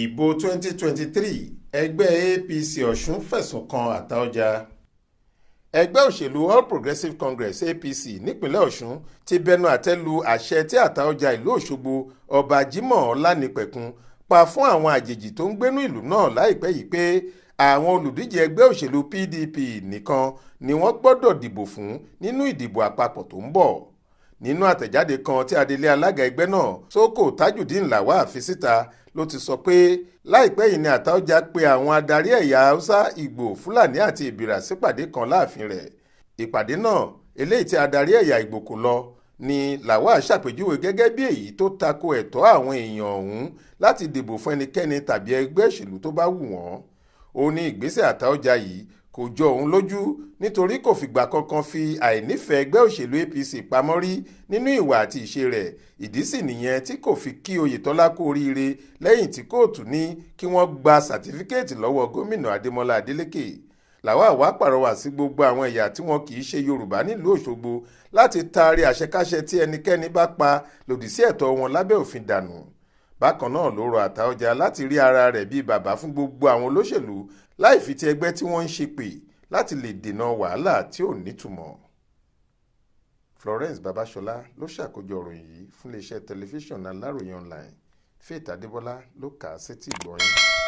ìbò 2023 ẹgbẹ́ apc ọ̀ṣun fẹ̀sùn kan àtaọ́jà ẹgbẹ́ òṣèlú all progressives congress apc nípínlẹ̀ ọ̀ṣun ti bẹnu àtẹ́ lu àṣẹ tí àtaọ́jà ìlú òṣogbo ọba jimoh ọlánipẹ̀kun pa fún àwọn àjèjì tó ń gbénú ìlú náà láìpẹ́ yìí pé àwọn olùdíje ẹgbẹ́ òṣèlú pdp nìkan ni wọ́n gbọ́dọ̀ dìbò fún nínú ìdìbò àpapọ̀ tó ń bọ̀ nínú àtẹ̀jáde kan tí adelé alága ẹgbẹ́ náà sóko tajudeen lawal fi síta ló ti sọ pé láìpẹ́ yìí ni àtaọ́jà pe àwọn adarí ẹ̀yà haúsá ìgbò fúlàní àti ìbìrà sípàdé kan láàfin rẹ̀ ìpàdé náà eléyìí tí adarí ẹ̀yà ìgbò kò lọ ni lawal ṣàpèjúwe gẹ́gẹ́ bí èyí tó tako ẹ̀tọ́ àwọn èèyàn ọ̀hún láti dìbò fún ẹnikẹ́ni tàbí ẹgbẹ́ òṣèlú tó bá wù wọ́n ó ní ìgbésẹ̀ àtaọ́jà yìí kò jọ òun lójú nítorí kò fìgbà kankan fi àìnífẹ̀ẹ́ ẹgbẹ́ òṣèlú APC pamọ́ rí nínú ìwà àti ìṣe rẹ̀ ìdí sì nìyẹn tí kò fi kí Oyètọ́lá kú oríire lẹ́yìn tí kóòtù ní kí wọ́n gba sàtífíkẹ́ẹ̀tì lọ́wọ́ gómìnà Adémọ́lá Adélékè làwa wá pàrọwà sí gbogbo àwọn ẹ̀yà tí wọn kì í ṣe Yorùbá nílùú Òṣogbo láti taari àṣekáṣe tí ẹnikẹ́ni bá pa lòdì sí ẹ̀tọ́ wọn lábẹ́ òfin dànù bákan náà ló rọ Àtaọ́jà láti rí ara rẹ̀ bíi bàbá fún gbogbo àwọn olóṣèlú láì fi ti ẹgbẹ́ tí wọ́n ń ṣe pè láti lè dènà wàhálà tí ò nítumọ̀. Florence Babasola ló ṣàkójọ ìròyìn yìí fún iléeṣẹ́ tẹlifíṣàn Aláròye online Faith Adébọlá ló kà á sétí ìgbọ̀nyín.